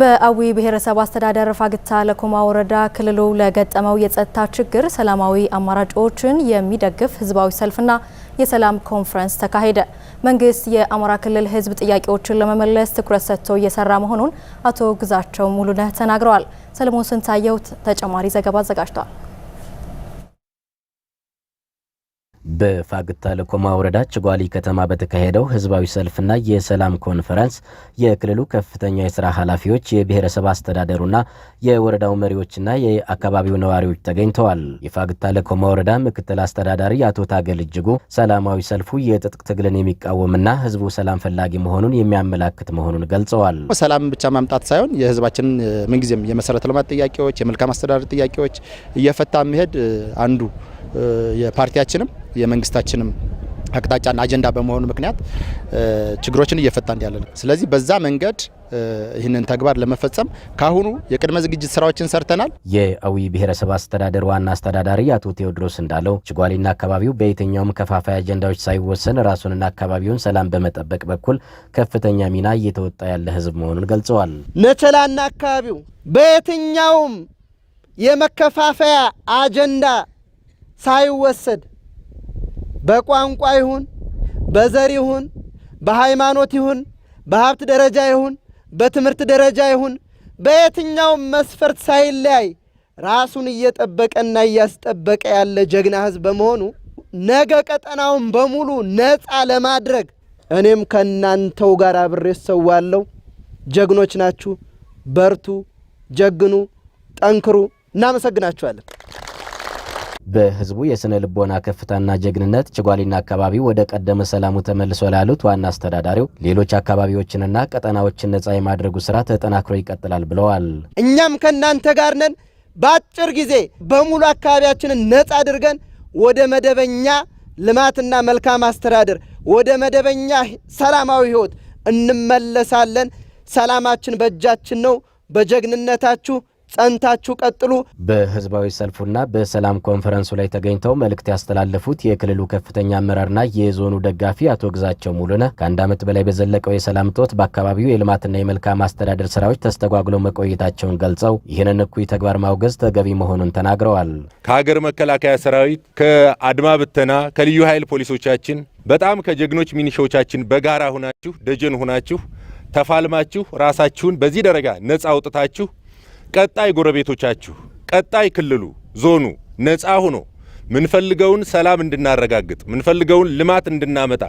በአዊ ብሔረሰብ አስተዳደር ፋግታ ለኮማ ወረዳ ክልሉ ለገጠመው የጸጥታ ችግር ሰላማዊ አማራጮችን የሚደግፍ ህዝባዊ ሰልፍና የሰላም ኮንፈረንስ ተካሄደ። መንግስት የአማራ ክልል ህዝብ ጥያቄዎችን ለመመለስ ትኩረት ሰጥቶ እየሰራ መሆኑን አቶ ግዛቸው ሙሉነህ ተናግረዋል። ሰለሞን ስንታየው ተጨማሪ ዘገባ አዘጋጅቷል። በፋግታ ለኮማ ወረዳ ጭጓሊ ከተማ በተካሄደው ህዝባዊ ሰልፍና የሰላም ኮንፈረንስ የክልሉ ከፍተኛ የስራ ኃላፊዎች፣ የብሔረሰብ አስተዳደሩና የወረዳው መሪዎችና የአካባቢው ነዋሪዎች ተገኝተዋል። የፋግታ ለኮማ ወረዳ ምክትል አስተዳዳሪ አቶ ታገል እጅጉ ሰላማዊ ሰልፉ የትጥቅ ትግልን የሚቃወምና ህዝቡ ሰላም ፈላጊ መሆኑን የሚያመላክት መሆኑን ገልጸዋል። ሰላም ብቻ ማምጣት ሳይሆን የህዝባችን ምንጊዜም የመሰረተ ልማት ጥያቄዎች፣ የመልካም አስተዳደር ጥያቄዎች እየፈታ መሄድ አንዱ የፓርቲያችንም የመንግስታችንም አቅጣጫና አጀንዳ በመሆኑ ምክንያት ችግሮችን እየፈታን ያለ ነው። ስለዚህ በዛ መንገድ ይህንን ተግባር ለመፈጸም ካሁኑ የቅድመ ዝግጅት ስራዎችን ሰርተናል። የአዊ ብሔረሰብ አስተዳደር ዋና አስተዳዳሪ አቶ ቴዎድሮስ እንዳለው ችጓሊና አካባቢው በየትኛውም ከፋፋይ አጀንዳዎች ሳይወሰን ራሱንና አካባቢውን ሰላም በመጠበቅ በኩል ከፍተኛ ሚና እየተወጣ ያለ ህዝብ መሆኑን ገልጸዋል። ነተላና አካባቢው በየትኛውም የመከፋፈያ አጀንዳ ሳይወሰድ በቋንቋ ይሁን በዘር ይሁን በሃይማኖት ይሁን በሀብት ደረጃ ይሁን በትምህርት ደረጃ ይሁን በየትኛውም መስፈርት ሳይለያይ ራሱን እየጠበቀና እያስጠበቀ ያለ ጀግና ህዝብ በመሆኑ ነገ ቀጠናውን በሙሉ ነፃ ለማድረግ እኔም ከእናንተው ጋር አብሬ እሰዋለሁ። ጀግኖች ናችሁ። በርቱ፣ ጀግኑ፣ ጠንክሩ። እናመሰግናችኋለን። በህዝቡ የስነ ልቦና ከፍታና ጀግንነት ችጓሊና አካባቢ ወደ ቀደመ ሰላሙ ተመልሶ ላሉት ዋና አስተዳዳሪው ሌሎች አካባቢዎችንና ቀጠናዎችን ነጻ የማድረጉ ስራ ተጠናክሮ ይቀጥላል ብለዋል። እኛም ከእናንተ ጋር ነን። በአጭር ጊዜ በሙሉ አካባቢያችንን ነጻ አድርገን ወደ መደበኛ ልማትና መልካም አስተዳደር፣ ወደ መደበኛ ሰላማዊ ህይወት እንመለሳለን። ሰላማችን በእጃችን ነው። በጀግንነታችሁ ጸንታችሁ ቀጥሉ። በህዝባዊ ሰልፉና በሰላም ኮንፈረንሱ ላይ ተገኝተው መልእክት ያስተላለፉት የክልሉ ከፍተኛ አመራርና የዞኑ ደጋፊ አቶ ግዛቸው ሙሉነ ከአንድ ዓመት በላይ በዘለቀው የሰላም እጦት በአካባቢው የልማትና የመልካም አስተዳደር ስራዎች ተስተጓጉለው መቆየታቸውን ገልጸው ይህንን እኩይ ተግባር ማውገዝ ተገቢ መሆኑን ተናግረዋል። ከሀገር መከላከያ ሰራዊት፣ ከአድማ ብተና፣ ከልዩ ኃይል ፖሊሶቻችን በጣም ከጀግኖች ሚኒሻዎቻችን በጋራ ሁናችሁ ደጀን ሁናችሁ ተፋልማችሁ ራሳችሁን በዚህ ደረጃ ነጻ አውጥታችሁ ቀጣይ ጎረቤቶቻችሁ፣ ቀጣይ ክልሉ፣ ዞኑ ነፃ ሆኖ ምንፈልገውን ሰላም እንድናረጋግጥ ምንፈልገውን ልማት እንድናመጣ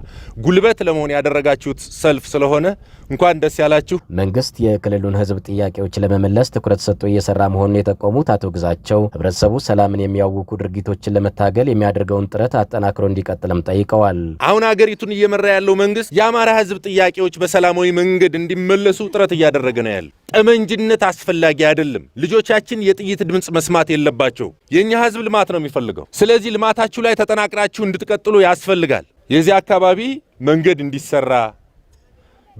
ጉልበት ለመሆን ያደረጋችሁት ሰልፍ ስለሆነ እንኳን ደስ ያላችሁ። መንግስት የክልሉን ህዝብ ጥያቄዎች ለመመለስ ትኩረት ሰጥቶ እየሰራ መሆኑን የጠቆሙት አቶ ግዛቸው ህብረተሰቡ ሰላምን የሚያውኩ ድርጊቶችን ለመታገል የሚያደርገውን ጥረት አጠናክሮ እንዲቀጥልም ጠይቀዋል። አሁን አገሪቱን እየመራ ያለው መንግስት የአማራ ህዝብ ጥያቄዎች በሰላማዊ መንገድ እንዲመለሱ ጥረት እያደረገ ነው ያለ ጠመንጅነት አስፈላጊ አይደለም። ልጆቻችን የጥይት ድምፅ መስማት የለባቸው። የእኛ ህዝብ ልማት ነው የሚፈልገው። ስለዚህ ልማታችሁ ላይ ተጠናቅራችሁ እንድትቀጥሉ ያስፈልጋል። የዚህ አካባቢ መንገድ እንዲሰራ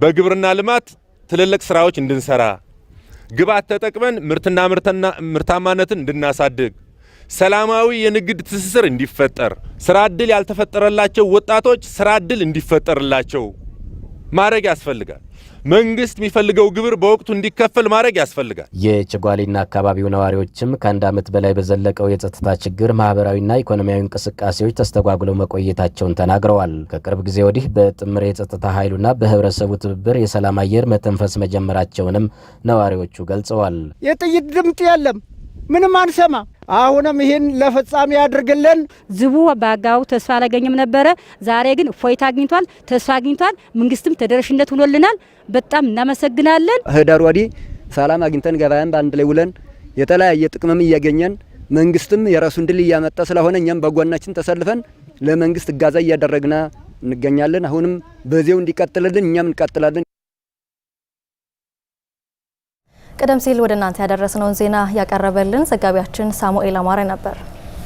በግብርና ልማት ትልልቅ ስራዎች እንድንሰራ፣ ግብዓት ተጠቅመን ምርትና ምርታማነትን እንድናሳድግ፣ ሰላማዊ የንግድ ትስስር እንዲፈጠር፣ ስራ ዕድል ያልተፈጠረላቸው ወጣቶች ስራ ዕድል እንዲፈጠርላቸው ማድረግ ያስፈልጋል። መንግስት የሚፈልገው ግብር በወቅቱ እንዲከፈል ማድረግ ያስፈልጋል። የችጓሊና አካባቢው ነዋሪዎችም ከአንድ ዓመት በላይ በዘለቀው የጸጥታ ችግር ማህበራዊና ኢኮኖሚያዊ እንቅስቃሴዎች ተስተጓጉለው መቆየታቸውን ተናግረዋል። ከቅርብ ጊዜ ወዲህ በጥምር የጸጥታ ኃይሉና በህብረተሰቡ ትብብር የሰላም አየር መተንፈስ መጀመራቸውንም ነዋሪዎቹ ገልጸዋል። የጥይት ድምጥ የለም፣ ምንም አንሰማ አሁንም ይህን ለፍጻሜ ያድርግልን። ዝቡ በአጋቡ ተስፋ አላገኘም ነበረ። ዛሬ ግን እፎይታ አግኝቷል፣ ተስፋ አግኝቷል። መንግስትም ተደራሽነት ውሎልናል። በጣም እናመሰግናለን። ህዳር ወዲህ ሰላም አግኝተን ገበያን በአንድ ላይ ውለን የተለያየ ጥቅምም እያገኘን መንግስትም የራሱን ድል እያመጣ ስለሆነ እኛም በጎናችን ተሰልፈን ለመንግስት እጋዛ እያደረግና እንገኛለን። አሁንም በዚያው እንዲቀጥልልን እኛም እንቀጥላለን። ቀደም ሲል ወደ እናንተ ያደረስነውን ዜና ያቀረበልን ዘጋቢያችን ሳሙኤል አማረ ነበር።